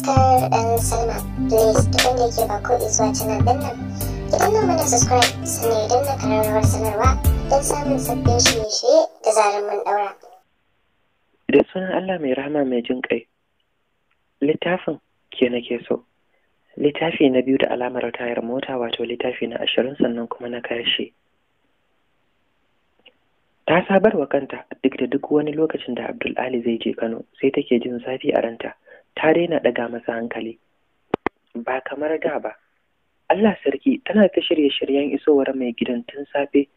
star and salma please idan da ke bako zuwa canal din nan ki danna mana subscribe sannan idan na kararrawar sanarwa don samun sabbin shirye-shirye da zarar mun daura da sunan allah mai rahama mai jin ƙai, littafin ke nake so littafi na biyu da alamar tayar mota wato littafi na ashirin sannan kuma na karshe ta sabarwa kanta duk da duk wani lokacin da abdul ali zai je kano sai take jin zafi a ranta ta daina ɗaga masa hankali ba kamar da ba Allah sarki tana ta shirye-shiryen isowar mai gidan tun safe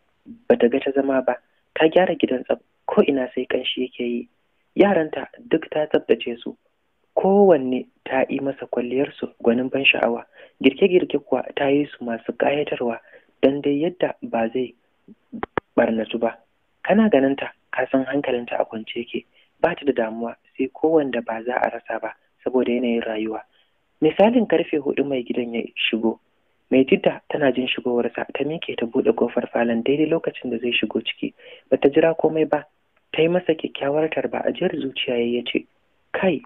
ba ta ta zama ba ta gyara gidan tsab ko ina sai kanshi yake yi yaranta duk ta tsabtace su kowanne ta yi masa kwalliyarsu gwanin ban sha'awa girke-girke kuwa ta yi su masu ƙayatarwa don dai yadda ba zai barnatu ba kana ganinta ka san hankalinta a kwance ke ba ta da damuwa sai kowanne ba za a rasa ba saboda yanayin rayuwa misalin karfe hudu mai gidan ya shigo mai jidda tana jin shigowarsa ta miƙe ta buɗe kofar falon daidai lokacin da zai shigo ciki bata jira komai ba ta yi masa kyakkyawar tarba a jiyar zuciya ya ce kai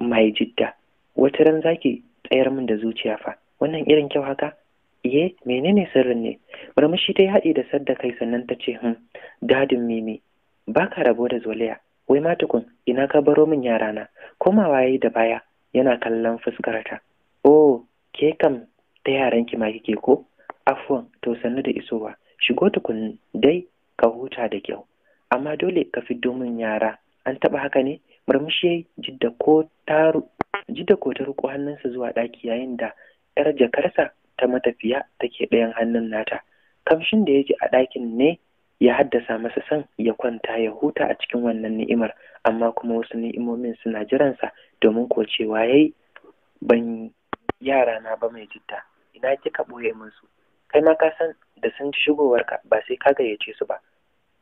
mai jidda wata ran zaki tsayar min da zuciya fa wannan irin kyau haka iye menene sirrin ne murmushi ta yi haɗi da sadda kai sannan ta ce hun hmm, dadin mimi ba ka rabo da zoliya wai ma tukun ina ka baro min yarana komawa yi da baya yana kallon fuskarta oh ke kam ta ki, ma kike ko Afuwan, to sannu da isowa shigo tukun dai ka huta da kyau amma dole ka fiddo min yara an taɓa haka ne murmushi yayi jidda jidda ko ta riko hannunsa zuwa daki yayin da yar jakarsa ta matafiya take ɗayan hannun nata kamshin da ya ji a ɗakin ne ya haddasa masa san ya kwanta ya huta a cikin wannan ni'imar amma kuma wasu ni'imomin suna jiransa domin ko cewa yayi ban yara na ba mai jitta ina kika ɓoye musu kai ma ka san da sun ji shigowarka ba sai ka gayyace su ba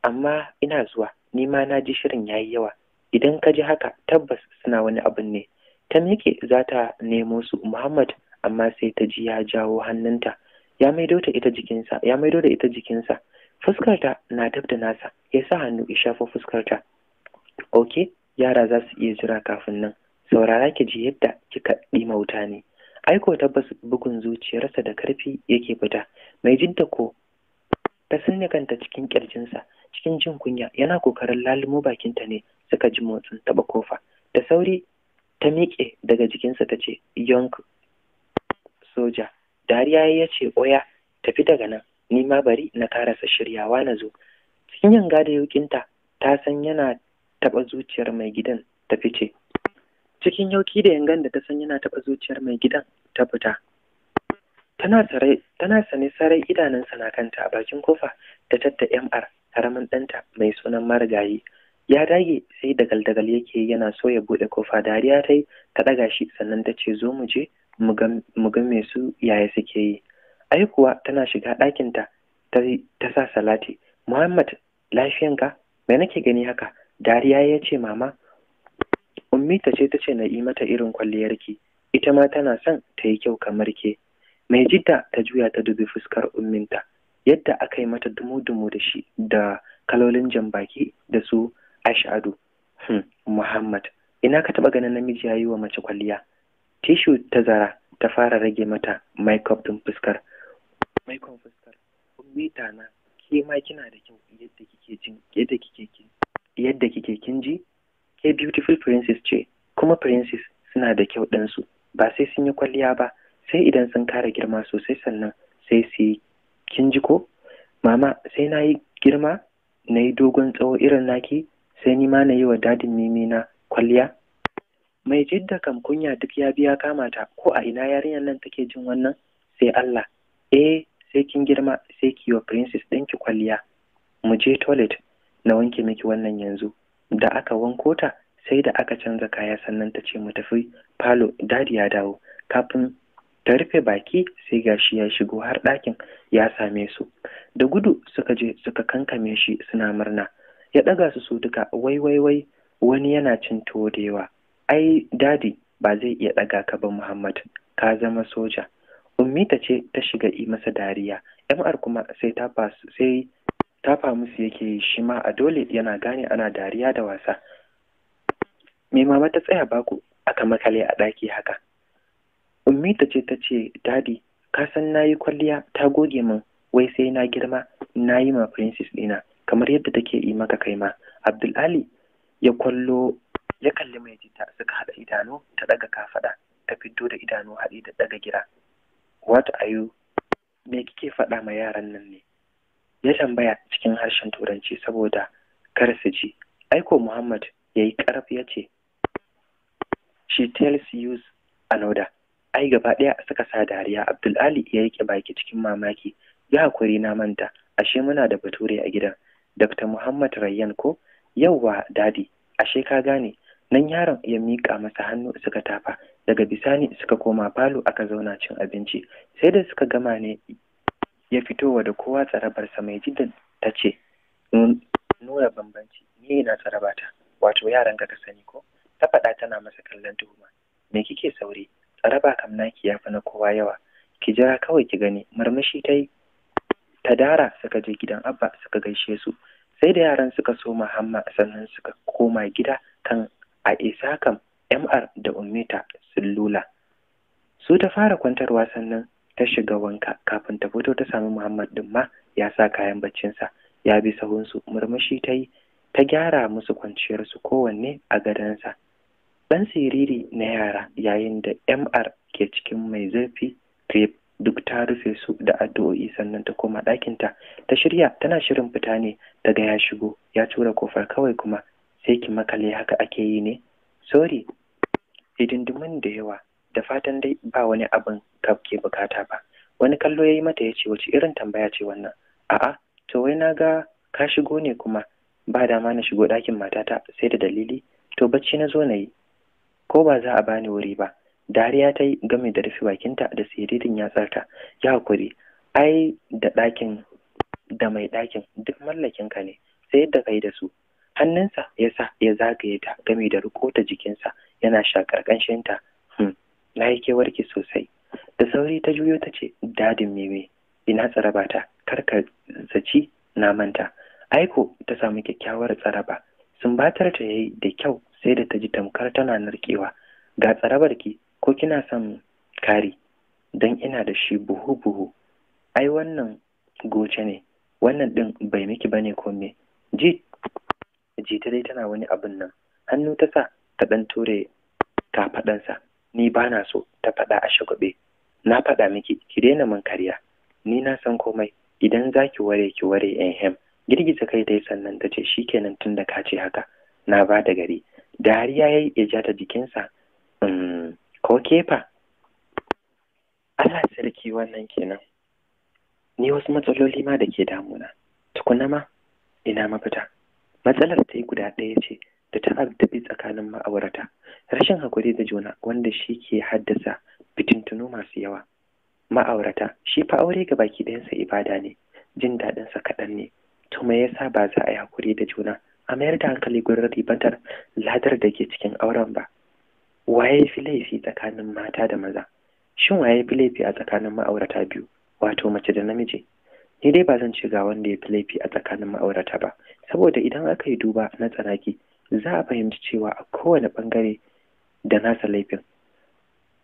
amma ina zuwa ni ma na ji shirin yayi yawa idan ka ji haka tabbas suna wani abin ne ta miƙe za ta nemo su muhammad amma sai ta ji ya jawo hannunta ya maido ta ita jikinsa ya maido da ita jikinsa fuskarta na dab da nasa ya sa hannu ya shafa fuskarta ok yara za su iya jira kafin nan saurara ki ji yadda kika ɗima wuta ne aiko tabbas bugun zuciyarsa da karfi yake fita mai jidda ko ta sanya kanta cikin kirjinsa cikin jin kunya yana kokarin lalumo bakinta ne suka ji motsin taba kofa da sauri ta miƙe daga jikinsa ta ce yonk soja dariya ya ce oya tafi daga nan ni ma bari na karasa shiryawa na zo cikin yanga da yaukinta ta san yana taɓa zuciyar mai gidan ta fice cikin yauki da yangan da ta san yana taɓa zuciyar mai gidan ta fita tana sane sarai idanunsa na kanta a bakin kofa da tatta mr haramin ɗanta mai sunan marigayi ya dage sai dagal-dagal yake yana so ya buɗe kofa dariya ta yi ta ɗaga shi sannan ta ce zo mu je mu ga su yaya suke yi ai kuwa tana shiga ɗakinta ta ta sa salati muhammad lafiyanka me nake gani haka dariya ya ce mama ummi ta ce ta ce na yi mata irin kwalliyarki ita ma tana son ta yi kyau kamar ke mai jidda ta juya ta dubi fuskar umminta yadda aka yi mata dumu-dumu da shi da kalolin jambaki da su ashadu hmm, muhammad ina ka taɓa ganin namiji ya yi wa mace kwalliya tishu ta zara ta fara rage mata makeup din fuskar mai kun mita na ke ma kina da kyau yadda kike jin yadda kike kin yadda kike kin ji ke beautiful princess ce kuma princess suna da kyau ɗin su ba sai sun yi kwalliya ba sai idan sun kara girma sosai sannan sai su yi kin ji ko mama sai na yi girma na yi dogon tsawo irin naki sai ni ma na yi wa dadin mimi na kwalliya mai jidda kam kunya duk ya biya kamata ko a ina yarinyar nan take jin wannan sai Allah eh sai kin girma sai ki wa princess ɗinki kwalliya mu je toilet na wanke miki wannan yanzu da aka wanko ta sai da aka canza kaya sannan ta ce mu tafi falo dadi ya dawo kafin ta rufe baki sai gashi ya shigo har ɗakin ya same su da gudu suka je suka kankame shi suna murna ya ɗaga su su duka wai wai wai wani yana cin tuwo da yawa ai dadi ba zai iya ɗaga ka ba muhammad ka zama soja ummi ta ce ta shiga yi masa dariya mr kuma sai ta sai tafa musu yake shi ma a dole yana gane ana dariya da wasa me mama ta tsaya baku aka makale a ɗaki haka ummita ce ta ce dadi ka san na yi kwalliya ta goge min wai sai na girma na yi ma princess ɗina kamar yadda take yi maka kai ma abdul ali ya kwallo ya kalli mai jita suka haɗa idanu ta ɗaga kafaɗa ta fito da idanu haɗi da ɗaga gira what are you me kike faɗa ma yaran nan ne ya tambaya cikin harshen turanci saboda kar su ji aiko muhammad ya yi ƙarfi ya ce she tells you another ai gaba ɗaya suka sa dariya abdul ali ya yi baki cikin mamaki ya hakuri na manta ashe muna da bature a gidan dr muhammad rayyan ko yauwa dadi ashe ka gane nan yaron ya miƙa masa hannu suka tafa daga bisani suka koma falo aka zauna cin abinci sai da suka gama ne ya fitowa da kowa tsarabarsa mai jidan ta ce nuna bambanci ni na tsarabata wato yaran ka sani ko ta faɗa tana masa kallon tuhuma me kike sauri tsaraba kam naki ya fi na kowa yawa ki jira kawai ki gani murmushi ta ta dara suka je gidan abba suka gaishe su sai da yaran suka soma hamma sannan suka koma gida kan a isa kam mr da ummeta sullula su ta fara kwantarwa sannan ta shiga wanka kafin ta fito ta sami Muhammad din ma ya sa kayan baccinsa ya bi sahunsu murmushi ta yi ta gyara musu kwanciyarsu kowanne a gadonsa ɗan siriri na yara yayin da mr ke cikin mai zurfi crepe duk ta rufe su da addu'o'i sannan ta koma ɗakinta ta shirya tana shirin fita ne daga ya shigo ya tura kofar kawai kuma sai ki makale haka ake yi ne sorry hidindimun da yawa da fatan dai ba wani abin ka ke bukata ba wani kallo ya yi mata ya ce wace irin tambaya ce wannan a'a to wai na ga ka shigo ne kuma ba dama na shigo ɗakin matata sai da dalili to bacci na zo na yi ko ba za a bani wuri ba dariya ta yi game da rufe bakinta da siririn yatsarta ya hakuri ai da ɗakin da mai ɗakin duk mallakinka ne sai yadda yi da su hannunsa ya sa ya zagaye ta game da riko ta jikinsa yana shakar ƙanshinta ta. Hmm, na yi kewarki sosai da sauri ta juyo ta ce dadin meme ina tsaraba ta karka zaci na manta aiko ta samu kyakkyawar tsaraba batar ta yi da kyau sai da ta ji tamkar tana narkewa ga tsarabar ki ko kina son kari don ina da shi buhu buhu ai wannan goce ne wannan din bai miki bane ko me ji jita dai tana wani abin nan hannu ta sa ta ɗan ture kafaɗansa ni ba na so ta faɗa a shagwaɓe na faɗa miki ki daina min karya ni na san komai idan za ki ware ki ware ehem eh, girgiza kai dai sannan ta ce kenan tun da ka ce haka na ba da gari dariya ya yi ja ta jikinsa mm, ko kefa Allah sarki wannan kenan ni wasu matsaloli ma da ke damuna tukuna ma ina mafita matsalar ta yi guda ɗaya ce da ta addabi tsakanin ma'aurata rashin hakuri da juna wanda shi ke haddasa fitintunu masu yawa ma'aurata shi fa aure ga baki ɗayansa ibada ne jin daɗinsa kaɗan ne to me yasa ba za a yi hakuri da juna a mayar da hankali gurin ribantar ladar da ke cikin auren ba waye fi laifi tsakanin mata da maza shin waye fi laifi a tsakanin ma'aurata biyu wato mace da namiji ni dai ba zan ce ga wanda ya fi laifi a tsakanin ma'aurata ba saboda idan aka yi duba na tsanaki za a fahimci cewa a kowane ɓangare da nasa laifin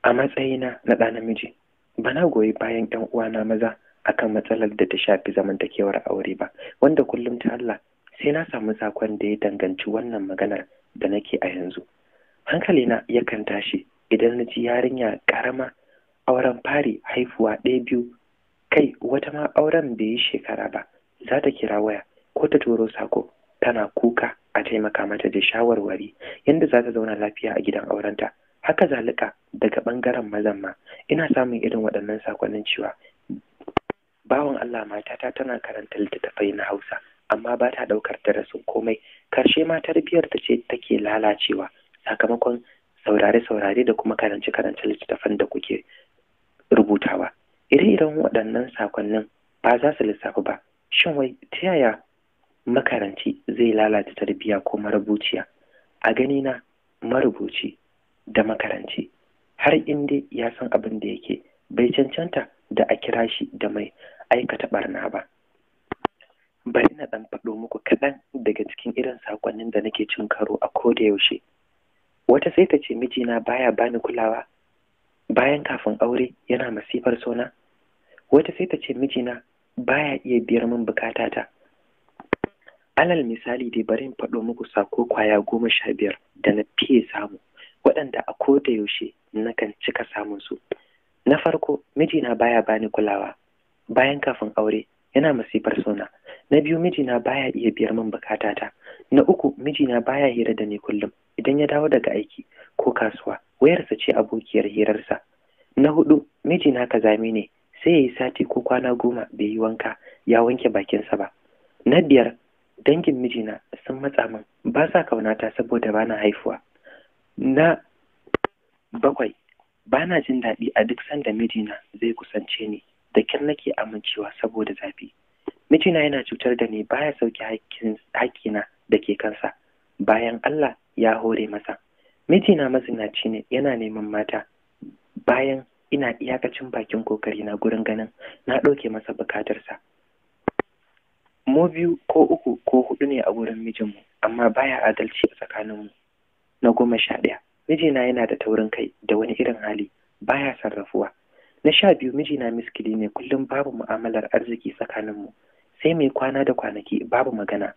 a matsayina na ɗa namiji bana goyi bayan 'yan na maza akan matsalar da ta shafi zamantakewar aure ba wanda kullum ta Allah sai na samu sakon da ya danganci wannan maganar da nake a yanzu hankalina yakan tashi idan na ji yarinya karama auren fari haifuwa ɗaya biyu kai wata ma auren bai yi shekara ba za ta kira waya ko ta turo sako tana kuka a taimaka mata da shawarwari yadda za ta zauna lafiya a gidan aurenta haka zalika daga bangaren mazan ma ina samun irin waɗannan sakonnin cewa bawan Allah matata tana karanta littattafai na Hausa amma ba ta ɗaukar darasin komai karshe ma tarbiyyar ta ce take lalacewa sakamakon saurare-saurare da kuma karance-karance littattafan da kuke rubutawa ire-iren waɗannan sakonnin ba za su lissafi ba shin wai ta yaya makaranci zai lalata tarbiya ko marubuciya a gani na marubuci da makaranci har inda ya san abin da yake bai cancanta da a kira shi da mai aikata barna ba bari na ɗan faɗo muku kaɗan daga cikin irin saƙonnin da nake cin karo a ko da yaushe wata sai ta ce mijina baya bani kulawa bayan kafin aure yana masifar sona wata sai ta ce mijina baya iya biyar min bukatata alal misali dai bari in faɗo muku sako kwaya goma sha biyar da na fiye samu waɗanda a ko da yaushe nakan cika samun su na farko mijina baya bani kulawa bayan kafin aure yana masifar suna. na biyu mijina baya iya biyar min bukatata na uku mijina baya hira da ni kullum idan ya dawo daga aiki ko kasuwa wayarsa ce abokiyar hirarsa na hudu mijina kazami ne sai ya yi sati ko kwana goma bai yi wanka ya wanke bakinsa ba na biyar dangin mijina sun matsa min ba sa kaunata saboda bana haifuwa na bakwai bana jin daɗi a duk sanda mijina zai kusance ni da kin nake amincewa saboda zafi mijina yana cutar da ni baya sauke hakkina da ke kansa bayan Allah ya hore masa mijina mazinaci ne yana neman mata bayan ina iyakacin bakin na gurin ganin na ɗauke masa bukatarsa mu biyu ko uku ko hudu ne a wurin mijinmu amma baya adalci a tsakaninmu na goma sha ɗaya mijina yana da taurin kai da wani irin hali baya sarrafuwa na sha biyu mijina miskili ne kullum babu mu'amalar arziki tsakaninmu sai mai kwana da kwanaki babu magana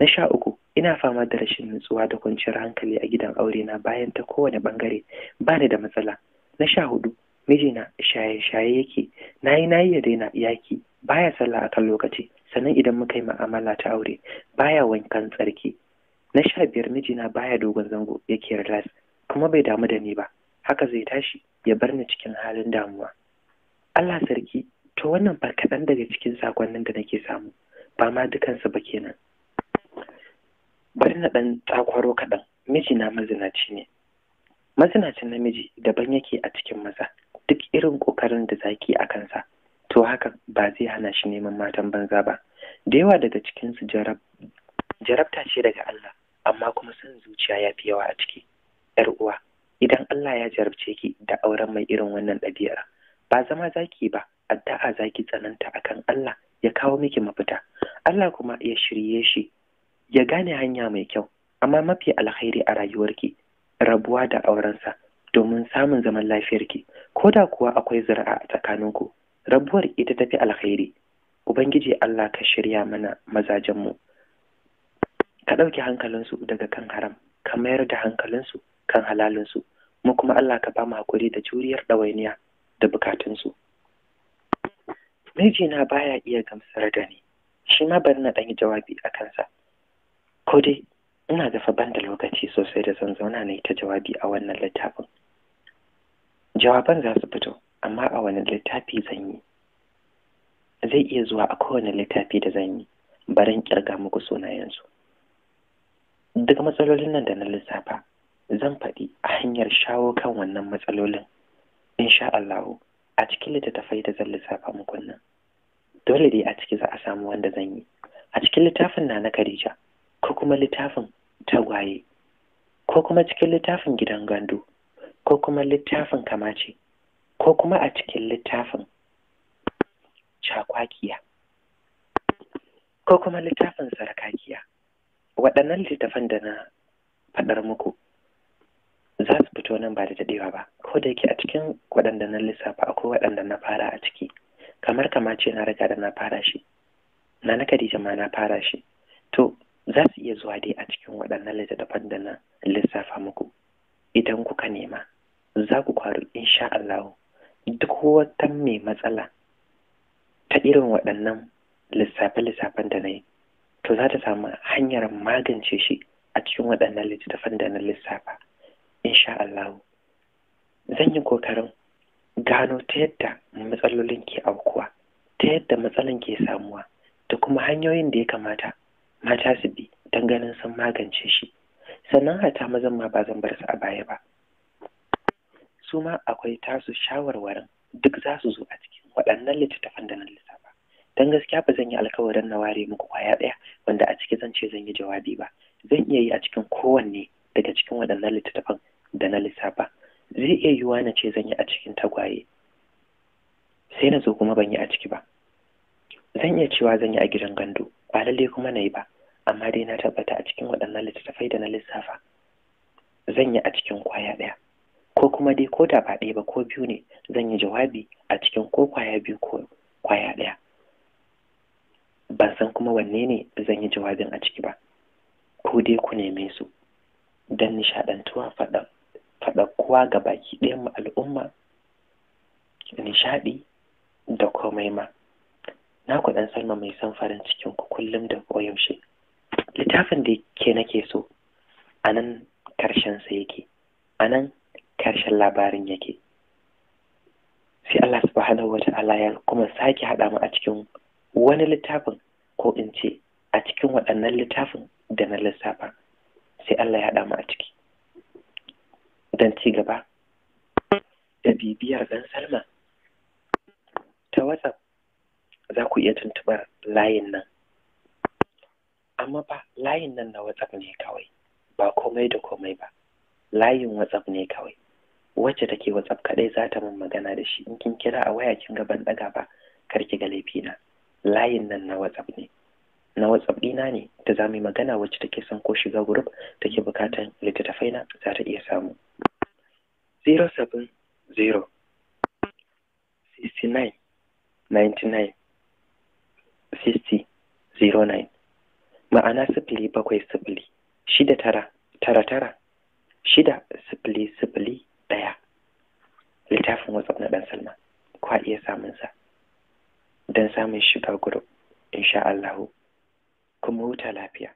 na sha uku ina fama da rashin nutsuwa da kwanciyar hankali a gidan aure na bayan ta kowane bangare ba ni da matsala na sha hudu mijina shaye-shaye yake na yi na yi ya daina yaki baya sallah a kan lokaci sannan idan muka yi ma'amala ta aure baya wankan tsarki na sha biyar mijina baya dogon zango yake relax kuma bai damu da ni ba haka zai tashi ya bar ni cikin halin damuwa Allah sarki to wannan ba kaɗan daga cikin sakonnin da nake samu ba ma dukansu ba kenan bari na ɗan tsakwaro kaɗan mijina mazinaci ne mazinacin namiji daban yake a cikin maza duk irin ƙoƙarin da zaki a kansa to haka ba zai hana shi neman matan banza ba da yawa daga cikinsu jarabta ce daga Allah amma kuma son zuciya ya fi yawa a ciki yar uwa idan Allah ya jarabce ki da auren mai irin wannan ɗabi'ar ba zama zaki ba addu'a zaki tsananta akan Allah ya kawo miki mafita Allah kuma ya shirye shi ya gane hanya mai kyau amma mafi alkhairi a rayuwarki rabuwa da aurensa domin samun zaman lafiyarki ko da kuwa akwai zuri'a a tsakaninku rabuwar ita tafi alkhairi ubangiji Allah ka shirya mana mazajenmu ka ɗauki hankalinsu daga kan haram ka mayar da hankalinsu kan halalinsu mu kuma Allah ka ba mu hakuri da juriyar ɗawainiya da bukatunsu mijina baya iya gamsar da ni shi ma bari na ɗan yi jawabi a kansa ko dai ina da ban da lokaci sosai da zan zauna na yi ta jawabi a wannan littafin jawaban za su fito amma a wani littafi zan yi zai iya zuwa a kowane littafi da zan yi barin kirga muku sunayensu duk matsalolin nan da na lissafa zan faɗi a hanyar shawo kan wannan matsalolin insha Allah a cikin littattafai da zan lissafa muku nan dole dai a ciki za a samu wanda zan yi a cikin littafin na na Khadija ko kuma littafin tagwaye ko kuma cikin littafin gidan gandu ko kuma littafin kamace ko kuma a cikin littafin cakwakiya ko kuma littafin sarkakiya waɗannan littafan da na faɗar muku za su fito nan ba da daɗewa ba ko da yake a cikin waɗanda na lissafa akwai waɗanda na fara a ciki kamar kama ce na riga da na fara shi na na kadija ma na fara shi to za su iya zuwa dai a cikin waɗannan littattafan da na lissafa muku idan kuka nema za ku kwaru sha Allah duk wata mai matsala ta irin waɗannan lissafe-lissafen da na yi to za ta samu hanyar magance shi a cikin waɗannan littattafan da na lissafa insha Allah zan yi kokarin gano ta yadda matsalolin ke aukuwa ta yadda matsalan ke samuwa da kuma hanyoyin da ya kamata mata su bi don ganin sun magance shi sannan hata mazan ma ba zan bar su a baya ba su ma akwai tasu shawarwarin duk za su zo a cikin waɗannan littattafan da na lissafa don gaskiya ba zan yi alkawarin na ware muku kwaya ɗaya wanda a ciki zan ce zan yi jawabi ba zan iya yi a cikin kowanne daga cikin waɗannan littattafan da na lissafa zai iya yiwuwa na ce zan yi a cikin tagwaye sai na zo kuma ban yi a ciki ba zan iya cewa zan yi a gidan gandu ba lallai kuma na yi ba amma dai na tabbata a cikin waɗannan littattafai da na lissafa zan yi a cikin kwaya ɗaya ko kuma dai ko da ba ɗaya ba ko biyu ne zan yi jawabi a cikin ko kwaya biyu ko kwaya ɗaya ban san kuma wanne ne zan yi jawabin a ciki ba ko dai ku neme su don nishaɗantuwa faɗa faɗakuwa ga baki ɗayan mu al'umma nishaɗi da komai ma na ku ɗan salma mai son farin cikin ku kullum da koyaushe littafin da ke nake so a nan ƙarshen sa yake a nan karshen labarin yake sai Allah subhanahu wa ta'ala ya kuma sake haɗa mu a cikin wani littafin ko in ce a cikin waɗannan littafin da na lissafa sai Allah ya haɗa mu a ciki don ci gaba da bibiyar ɗan Salma ta WhatsApp za ku iya tuntuɓar layin nan amma ba layin nan na WhatsApp ne kawai ba komai da komai ba layin WhatsApp ne kawai wacce take WhatsApp kadai za ta min magana da shi in kin kira a waya kin ga ban daga ba kar ki ga laifi na layin nan na WhatsApp ne na WhatsApp dina ne ta za mu yi magana wacce take son ko shiga group take bukatan littattafai na za ta iya samu 070 69 99 60 09 ma'ana sifili bakwai sifili shida tara tara tara shida sifili sifili ɗaya littafin whatsapp na ɗan salma a iya samun sa don samun shiga gurup insha Allahu kuma huta lafiya